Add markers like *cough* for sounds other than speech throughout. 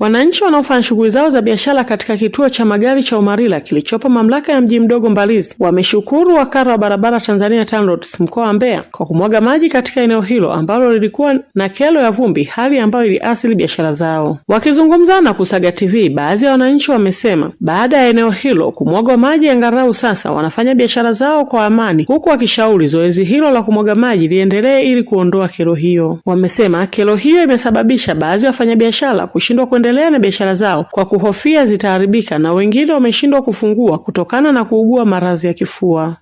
Wananchi wanaofanya shughuli zao za biashara katika kituo cha magari cha Umarila kilichopo mamlaka ya mji mdogo Mbalizi wameshukuru wakala wa barabara Tanzania TANROADS mkoa wa Mbeya kwa kumwaga maji katika eneo hilo ambalo lilikuwa na kelo ya vumbi, hali ambayo iliathiri biashara zao. Wakizungumza na Kusaga TV, baadhi ya wananchi wamesema baada ya eneo hilo kumwagwa maji angalau sasa wanafanya biashara zao kwa amani, huku wakishauri zoezi hilo la kumwaga maji liendelee ili kuondoa kelo hiyo. Wamesema kelo hiyo imesababisha baadhi ya wafanyabiashara kushindwa kuendelea na biashara zao kwa kuhofia zitaharibika na wengine wameshindwa kufungua kutokana na kuugua maradhi ya kifua.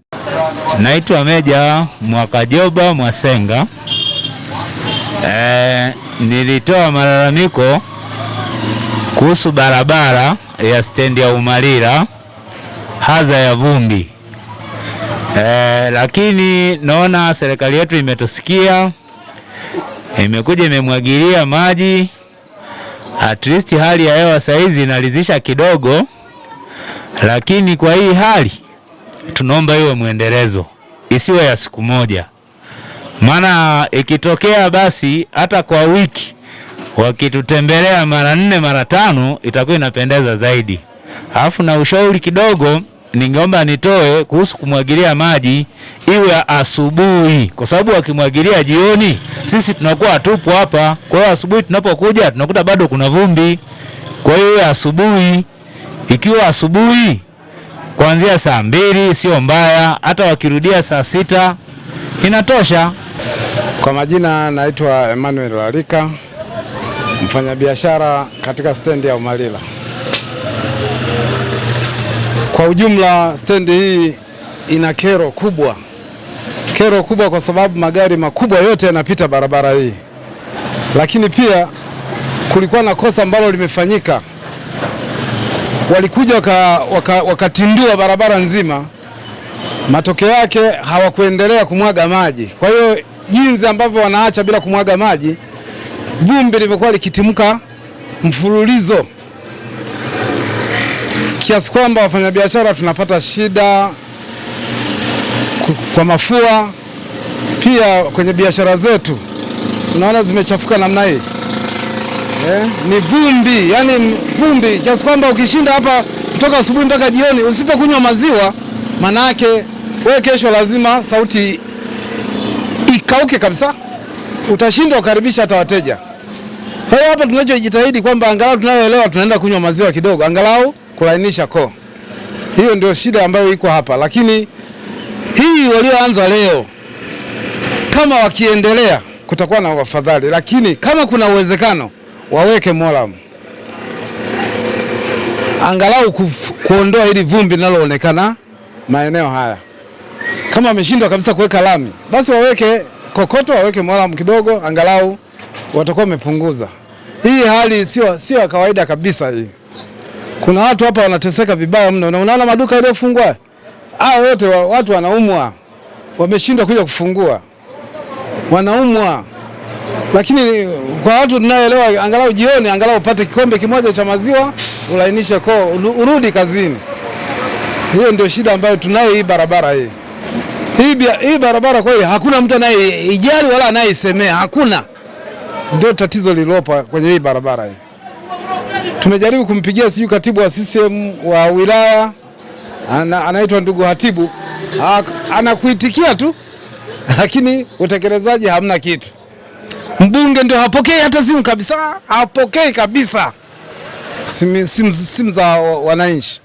Naitwa Meja Mwakajoba Mwasenga. E, nilitoa malalamiko kuhusu barabara ya stendi ya Umalila hadha ya vumbi. E, lakini naona serikali yetu imetusikia, imekuja imemwagilia maji at least hali ya hewa saa hizi inalizisha kidogo, lakini kwa hii hali tunaomba iwe mwendelezo, isiwe ya siku moja, maana ikitokea basi hata kwa wiki wakitutembelea mara nne mara tano itakuwa inapendeza zaidi. Alafu na ushauri kidogo ningeomba nitoe kuhusu kumwagilia maji iwe asubuhi, kwa sababu wakimwagilia jioni sisi tunakuwa hatupo hapa. Kwa hiyo asubuhi tunapokuja tunakuta bado kuna vumbi. Kwa hiyo iwe asubuhi, ikiwa asubuhi kuanzia saa mbili sio mbaya, hata wakirudia saa sita inatosha. Kwa majina naitwa Emmanuel Lalika, mfanyabiashara katika stendi ya Umalila. Kwa ujumla stendi hii ina kero kubwa, kero kubwa kwa sababu magari makubwa yote yanapita barabara hii, lakini pia kulikuwa na kosa ambalo limefanyika. Walikuja wakatindua waka, waka barabara nzima, matokeo yake hawakuendelea kumwaga maji. Kwa hiyo jinsi ambavyo wanaacha bila kumwaga maji, vumbi limekuwa likitimka mfululizo kiasi kwamba wafanyabiashara tunapata shida kwa mafua, pia kwenye biashara zetu unaona zimechafuka namna hii eh, ni vumbi, yani vumbi kiasi kwamba ukishinda hapa kutoka asubuhi mpaka jioni usipokunywa maziwa, manake we kesho lazima sauti ikauke kabisa, utashindwa kukaribisha hata wateja. Kwa hiyo hapa tunachojitahidi kwamba angalau tunayoelewa tunaenda kunywa maziwa kidogo, angalau kulainisha koo. Hiyo ndio shida ambayo iko hapa, lakini hii walioanza leo, kama wakiendelea kutakuwa na wafadhali, lakini kama kuna uwezekano waweke moramu angalau kuondoa hili vumbi linaloonekana maeneo haya. Kama wameshindwa kabisa kuweka lami, basi waweke kokoto, waweke moram kidogo, angalau watakuwa wamepunguza hii hali. Sio sio ya kawaida kabisa hii. Kuna watu hapa wanateseka vibaya mno, na unaona maduka yaliyofungwa hao wote wa, watu wanaumwa, wameshindwa kuja kufungua, wanaumwa. Lakini kwa watu tunaelewa, angalau jioni, angalau upate kikombe kimoja cha maziwa ulainishe koo, urudi kazini. Hiyo ndio shida ambayo tunayo hii barabara hii hii, hii barabara. Kwa hiyo hakuna mtu anayeijali wala anayeisemea, hakuna. Ndio tatizo lililopo kwenye hii barabara hii. Tumejaribu kumpigia sijui katibu wa CCM wa wilaya ana, anaitwa ndugu Hatibu anakuitikia tu, *laughs* lakini utekelezaji hamna kitu. Mbunge ndio hapokei hata simu kabisa, hapokei kabisa simu, sim, sim za wananchi.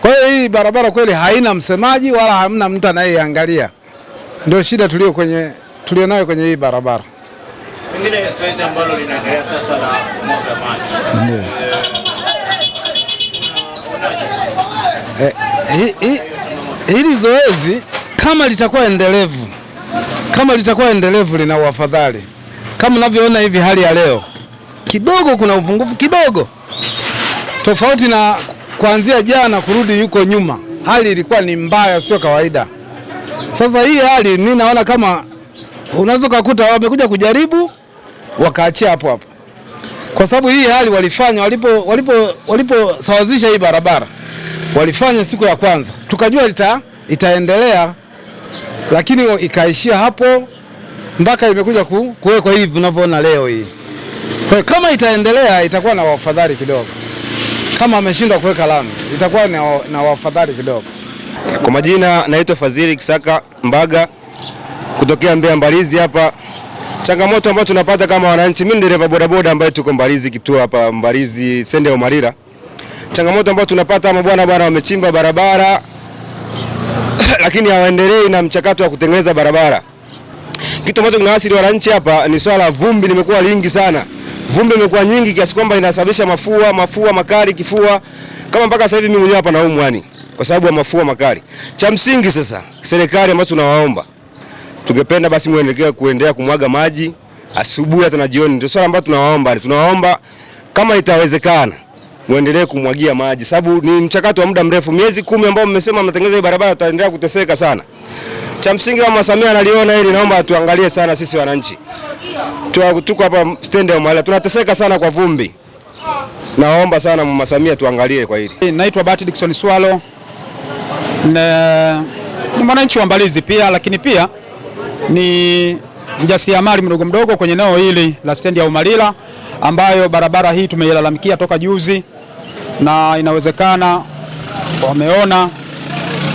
Kwa hiyo hii barabara kweli haina msemaji wala hamna mtu anayeangalia, ndio shida tulio kwenye tulionayo kwenye hii barabara. Pengine zoezi ambalo linaendelea sasa la maji. Ndio. Eh, eh, hili zoezi kama litakuwa endelevu kama litakuwa endelevu lina uafadhali kama unavyoona hivi, hali ya leo kidogo kuna upungufu kidogo, tofauti na kuanzia jana kurudi yuko nyuma, hali ilikuwa ni mbaya, sio kawaida. Sasa hii hali mimi naona kama unaweza ukakuta wamekuja kujaribu wakaachia hapo hapo, kwa sababu hii hali walifanya walipo walipo waliposawazisha hii barabara walifanya siku ya kwanza, tukajua ita, itaendelea lakini ikaishia hapo mpaka imekuja ku, kuwekwa hivi unavyoona leo hii. Kwa hiyo kama itaendelea itakuwa na wafadhali kidogo, kama ameshindwa kuweka lami itakuwa na, na wafadhali kidogo. Kwa majina naitwa Fadhili Kisaka Mbaga kutokea Mbeya Mbalizi hapa. Changamoto ambayo tunapata kama wananchi, mimi ni dereva bodaboda ambaye tuko Mbalizi, kituo hapa Mbalizi Sende ya Umarira. Changamoto ambayo tunapata ama bwana, bwana wamechimba barabara *coughs* lakini hawaendelei na mchakato wa kutengeneza barabara. Kitu ambacho kinawasili wananchi hapa ni swala la vumbi, limekuwa lingi sana. Vumbi limekuwa nyingi kiasi kwamba inasababisha mafua, mafua makali, kifua. Kama mpaka sasa hivi mimi mwenyewe hapa naumwa yani kwa sababu ya mafua makali. Cha msingi sasa, serikali ambayo tunawaomba Tungependa basi muendelee kuendelea kumwaga maji asubuhi hata na jioni. Ndio swala ambalo tunawaomba, tunawaomba kama itawezekana muendelee kumwagia maji, sababu ni mchakato wa muda mrefu. Miezi kumi ambao mmesema mnatengeneza hii barabara, tutaendelea kuteseka sana. Cha msingi Mama Samia analiona hili, naomba atuangalie sana sisi wananchi. Tuko hapa stendi ya Mhala, tunateseka sana kwa vumbi. Naomba sana Mama Samia tuangalie kwa hili. Naitwa Bart Dickson Swalo, ni mwananchi wa Mbalizi pia, lakini pia ni mjasiriamali mdogo mdogo kwenye eneo hili la stendi ya Umalila, ambayo barabara hii tumeilalamikia toka juzi, na inawezekana wameona,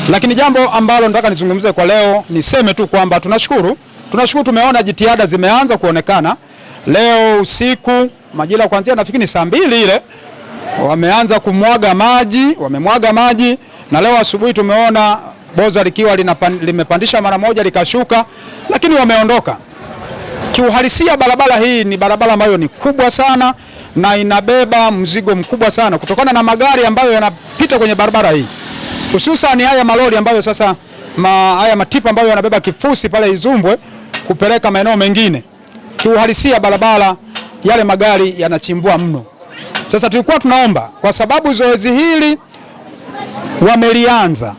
lakini jambo ambalo nataka nizungumze kwa leo, niseme tu kwamba tunashukuru, tunashukuru, tumeona jitihada zimeanza kuonekana leo usiku majira kuanzia nafikiri ni saa mbili ile wameanza kumwaga maji, wamemwaga maji na leo asubuhi tumeona Boza likiwa limepandisha mara moja likashuka, lakini wameondoka. Kiuhalisia, barabara hii ni barabara ambayo ni kubwa sana na inabeba mzigo mkubwa sana kutokana na magari ambayo yanapita kwenye barabara hii, hususan haya malori ambayo sasa ma, haya matipa ambayo yanabeba kifusi pale Izumbwe kupeleka maeneo mengine. Kiuhalisia, barabara yale magari yanachimbua mno. Sasa tulikuwa tunaomba kwa sababu zoezi hili wamelianza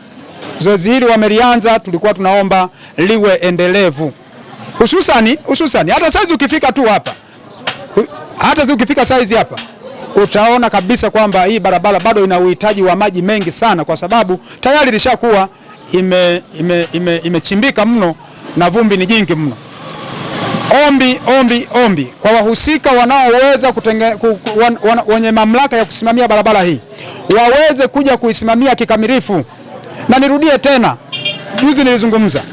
zoezi hili wamelianza, tulikuwa tunaomba liwe endelevu, hususani hususani hata saizi ukifika tu hapa, hata ukifika saizi hapa utaona kabisa kwamba hii barabara bado ina uhitaji wa maji mengi sana, kwa sababu tayari ilishakuwa imechimbika ime, ime, ime mno na vumbi ni jingi mno. Ombi, ombi, ombi kwa wahusika wanaoweza wenye mamlaka ya kusimamia barabara hii waweze kuja kuisimamia kikamilifu. Na nirudie tena, juzi nilizungumza,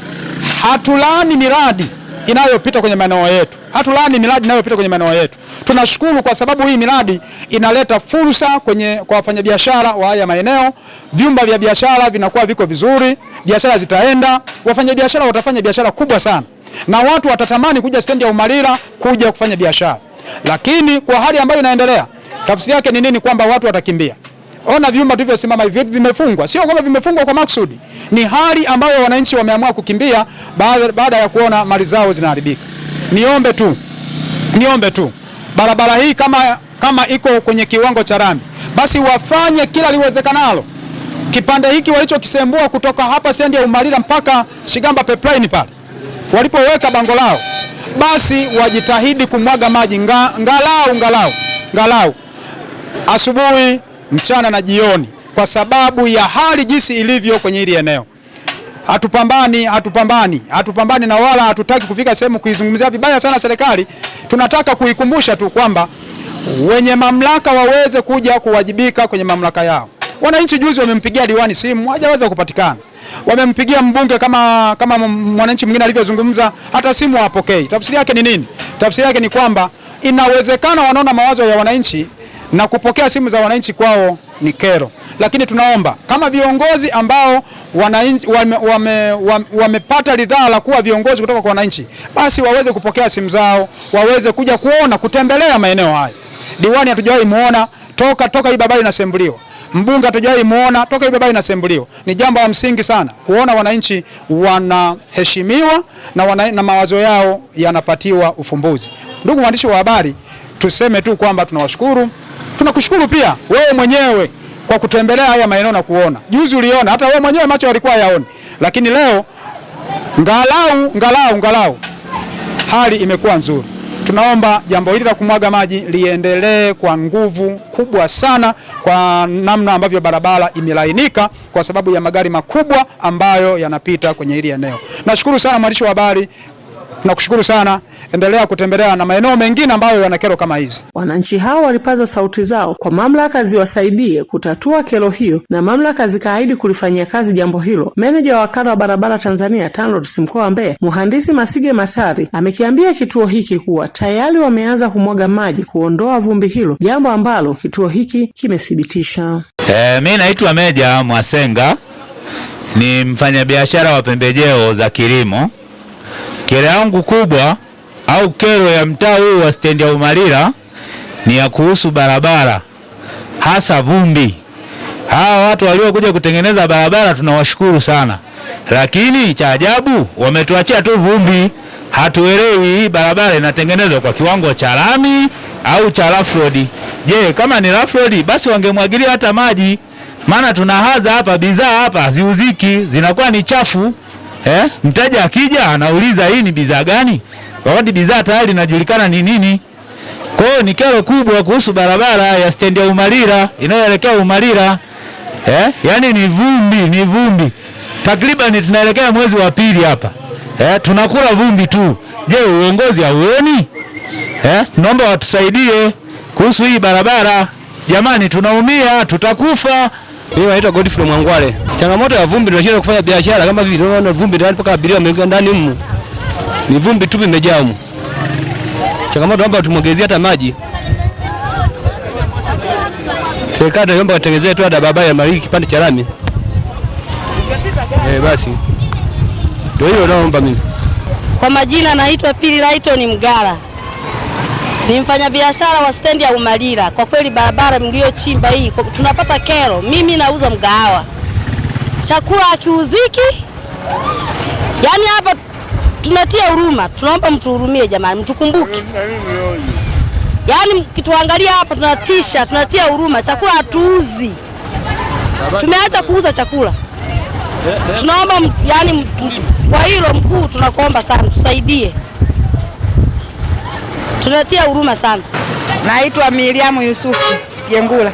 hatulani miradi inayopita kwenye maeneo yetu, hatulani miradi inayopita kwenye maeneo yetu. Tunashukuru kwa sababu hii miradi inaleta fursa kwenye kwa wafanyabiashara wa haya maeneo. Vyumba vya biashara vinakuwa viko vizuri, biashara zitaenda, wafanyabiashara watafanya biashara kubwa sana, na watu watatamani kuja stendi ya Umalila kuja kufanya biashara. Lakini kwa hali ambayo inaendelea, tafsiri yake ni nini? Kwamba watu watakimbia. Ona vyumba tulivyosimama hivi vimefungwa, sio kwamba vimefungwa kwa maksudi, ni hali ambayo wananchi wameamua kukimbia baada, baada ya kuona mali zao zinaharibika. Niombe tu, niombe tu barabara hii kama, kama iko kwenye kiwango cha rami, basi wafanye kila liwezekanalo kipande hiki walichokisembua kutoka hapa stendi ya Umalila mpaka Shigamba pipeline pale walipoweka bango lao, basi wajitahidi kumwaga maji ngalau ngalau ngalau asubuhi mchana na jioni, kwa sababu ya hali jinsi ilivyo kwenye hili eneo. Hatupambani, hatupambani, hatupambani na wala hatutaki kufika sehemu kuizungumzia vibaya sana serikali. Tunataka kuikumbusha tu kwamba wenye mamlaka waweze kuja kuwajibika kwenye mamlaka yao. Wananchi juzi wamempigia diwani simu, hajaweza kupatikana. Wamempigia mbunge kama kama mwananchi mwingine alivyozungumza, hata simu hapokei. Tafsiri yake ni nini? Tafsiri yake ni kwamba inawezekana wanaona mawazo ya wananchi na kupokea simu za wananchi kwao ni kero, lakini tunaomba kama viongozi ambao wananchi wamepata wame, wame, wame ridhaa la kuwa viongozi kutoka kwa wananchi, basi waweze kupokea simu zao, waweze kuja kuona kutembelea maeneo hayo. Diwani hatujawahi muona toka toka hii barabara inasembuliwa, mbunge hatujawahi muona toka hii barabara inasembuliwa. Ni jambo la msingi sana kuona wananchi wanaheshimiwa na, wana, na mawazo yao yanapatiwa ufumbuzi. Ndugu mwandishi wa habari, tuseme tu kwamba tunawashukuru Tunakushukuru pia wewe mwenyewe kwa kutembelea haya maeneo na kuona. Juzi uliona hata wewe mwenyewe macho yalikuwa yaoni, lakini leo ngalau ngalau ngalau hali imekuwa nzuri. Tunaomba jambo hili la kumwaga maji liendelee kwa nguvu kubwa sana, kwa namna ambavyo barabara imelainika kwa sababu ya magari makubwa ambayo yanapita kwenye hili eneo. Nashukuru sana mwandishi wa habari Tunakushukuru sana, endelea kutembelea na maeneo mengine ambayo yana kero kama hizi. Wananchi hao walipaza sauti zao kwa mamlaka ziwasaidie kutatua kero hiyo, na mamlaka zikaahidi kulifanyia kazi jambo hilo. Meneja wa wakala wa barabara Tanzania TANROADS mkoa wa Mbeya, mhandisi Masige Matari, amekiambia kituo hiki kuwa tayari wameanza kumwaga maji kuondoa vumbi hilo, jambo ambalo kituo hiki kimethibitisha. Eh, mi naitwa Meja Mwasenga, ni mfanyabiashara wa pembejeo za kilimo. Kero yangu kubwa au kero ya mtaa huu wa stendi ya Umalila ni ya kuhusu barabara, hasa vumbi. Hawa watu waliokuja kutengeneza barabara tunawashukuru sana, lakini cha ajabu wametuachia tu vumbi. Hatuelewi hii barabara inatengenezwa kwa kiwango cha lami au cha rough road. Je, kama ni rough road basi wangemwagilia hata maji, maana tuna hapa, bidhaa hapa ziuziki, zinakuwa ni chafu eh? Mteja akija anauliza hii ni bidhaa gani, wakati bidhaa tayari inajulikana ni nini. Kwa hiyo ni kero kubwa kuhusu barabara ya stendi ya Umalira inayoelekea Umalira eh? Yaani ni vumbi, ni vumbi takribani tunaelekea mwezi wa pili hapa eh? Tunakula vumbi tu. Je, uongozi hauoni eh? Naomba watusaidie kuhusu hii barabara. Jamani, tunaumia, tutakufa. Mimi naitwa Godfrey Mwangwale. Changamoto ya vumbi, tunashindwa kufanya biashara kama vile tunaona vumbi ndani mpaka abiria wameingia ndani humu. Ni vumbi tu imejaa humu. Changamoto hapa, tumwongezee hata maji. Serikali naomba watengezee tu ada barabara ya kipande cha lami. Eh, basi. Ndio hiyo naomba mimi. Kwa majina naitwa Pili Laiton Mgala. Ni mfanyabiashara wa stendi ya Umalila. Kwa kweli barabara mliochimba hii tunapata kero. Mimi nauza mgahawa, chakula hakiuziki. Yaani hapa tunatia huruma, tunaomba mtuhurumie jamani, mtukumbuke. Yaani mkituangalia hapa tunatisha, tunatia huruma, chakula hatuuzi, tumeacha kuuza chakula. Tunaomba yani, kwa hilo mkuu, tunakuomba sana tusaidie tunatia huruma sana. Naitwa Miriamu Yusufu Siengula.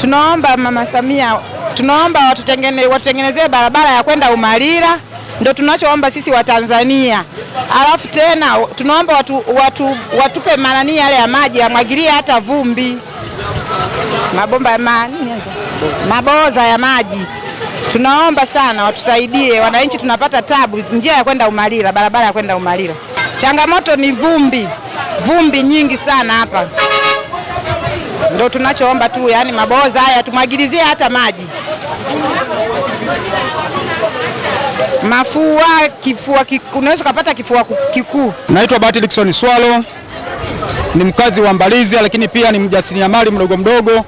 Tunaomba Mama Samia, tunaomba watutengene, watutengenezee barabara ya kwenda Umalila, ndio tunachoomba sisi Watanzania. Alafu tena tunaomba watu, watu, watupe manani yale ya maji yamwagilie hata vumbi mabomba ya maji maboza ya maji. Tunaomba sana watusaidie, wananchi tunapata tabu, njia ya kwenda Umalila, barabara ya kwenda Umalila. Changamoto ni vumbi, vumbi nyingi sana hapa, ndo tunachoomba tu, yaani maboza haya tumwagilizie hata maji. Mafua, kifua, unaweza ukapata kifua kikuu. Naitwa Bahati Dickson Swalo, ni mkazi wa Mbalizia, lakini pia ni mjasiriamali mdogo mdogo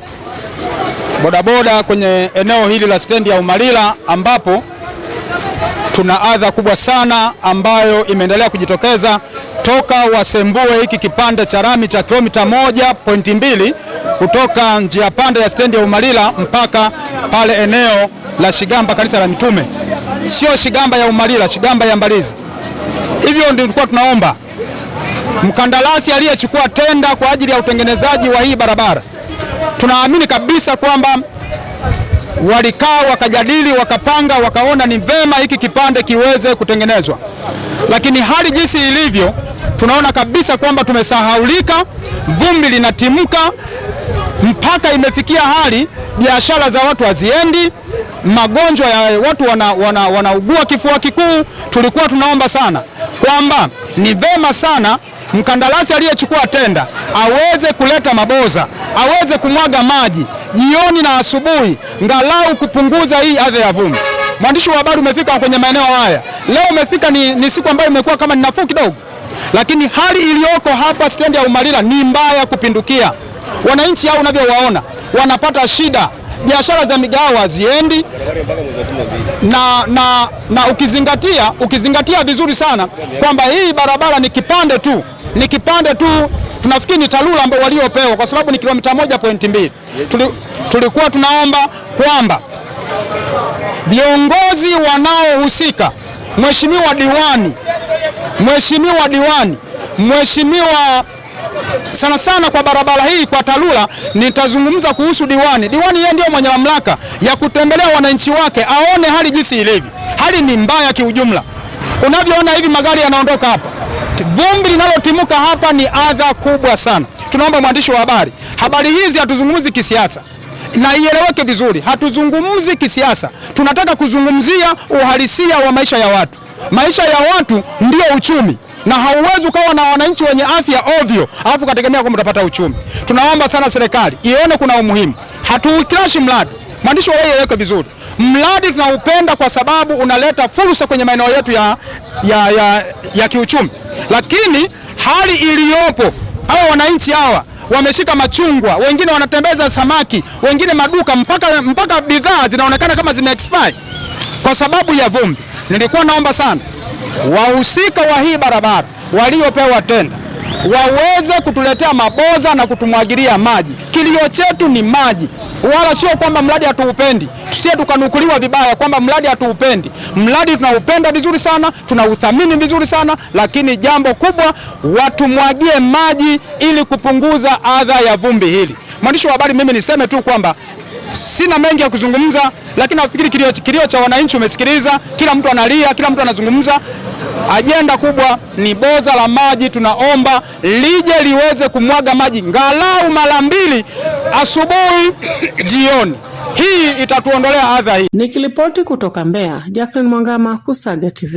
bodaboda kwenye eneo hili la stendi ya Umalila ambapo tuna adha kubwa sana ambayo imeendelea kujitokeza toka wasembue hiki kipande cha rami cha kilomita moja pointi mbili kutoka njia panda ya stendi ya Umalila mpaka pale eneo la Shigamba kanisa la Mitume, sio Shigamba ya Umalila, Shigamba ya Mbalizi. Hivyo ndio tulikuwa tunaomba mkandarasi aliyechukua tenda kwa ajili ya utengenezaji wa hii barabara, tunaamini kabisa kwamba walikaa wakajadili, wakapanga, wakaona ni vema hiki kipande kiweze kutengenezwa, lakini hali jinsi ilivyo, tunaona kabisa kwamba tumesahaulika, vumbi linatimka mpaka imefikia hali biashara za watu haziendi, magonjwa ya watu wanaugua wana, wana kifua kikuu. Tulikuwa tunaomba sana kwamba ni vema sana mkandarasi aliyechukua tenda aweze kuleta maboza aweze kumwaga maji jioni na asubuhi, ngalau kupunguza hii adha ya vumbi. Mwandishi wa habari, umefika kwenye maeneo haya leo, umefika ni, ni siku ambayo imekuwa kama ni nafuu kidogo, lakini hali iliyoko hapa stendi ya Umalila ni mbaya kupindukia. Wananchi hao unavyowaona wanapata shida, biashara za migahawa haziendi na, na, na ukizingatia ukizingatia vizuri sana kwamba hii barabara ni kipande tu ni kipande tu tunafikiri ni TARURA ambao waliopewa kwa sababu ni kilomita moja pointi mbili. Tulikuwa tunaomba kwamba viongozi wanaohusika, mheshimiwa diwani, mheshimiwa diwani, mheshimiwa sana sana kwa barabara hii kwa TARURA nitazungumza kuhusu diwani. Diwani yeye ndio mwenye mamlaka ya kutembelea wananchi wake, aone hali jinsi ilivyo. Hali ni mbaya kiujumla, unavyoona hivi magari yanaondoka hapa Vumbi linalotimuka hapa ni adha kubwa sana. Tunaomba mwandishi wa habari, habari hizi hatuzungumzi kisiasa na ieleweke vizuri, hatuzungumzi kisiasa. Tunataka kuzungumzia uhalisia wa maisha ya watu. Maisha ya watu ndio uchumi, na hauwezi ukawa na wananchi wenye afya ovyo alafu ukategemea kwamba utapata uchumi. Tunaomba sana serikali ione kuna umuhimu. Hatuikrashi mradi, mwandishi wa ieleweke vizuri. Mradi tunaupenda kwa sababu unaleta fursa kwenye maeneo yetu ya, ya, ya, ya kiuchumi lakini hali iliyopo hawa wananchi hawa wameshika machungwa, wengine wanatembeza samaki, wengine maduka mpaka, mpaka bidhaa zinaonekana kama zime expire kwa sababu ya vumbi. Nilikuwa naomba sana wahusika wa hii barabara waliopewa tenda waweze kutuletea maboza na kutumwagilia maji. Kilio chetu ni maji, wala sio kwamba mradi hatuupendi, tusije tukanukuliwa vibaya kwamba mradi hatuupendi. Mradi tunaupenda vizuri sana, tunauthamini vizuri sana, lakini jambo kubwa watumwagie maji ili kupunguza adha ya vumbi hili. Mwandishi wa habari, mimi niseme tu kwamba sina mengi ya kuzungumza, lakini nafikiri kilio, kilio cha wananchi umesikiliza. Kila mtu analia, kila mtu anazungumza. Ajenda kubwa ni boza la maji, tunaomba lije liweze kumwaga maji ngalau mara mbili, asubuhi, jioni. Hii itatuondolea adha hii. Nikilipoti kutoka Mbeya, Jacqueline Mwangama, Kusaga TV.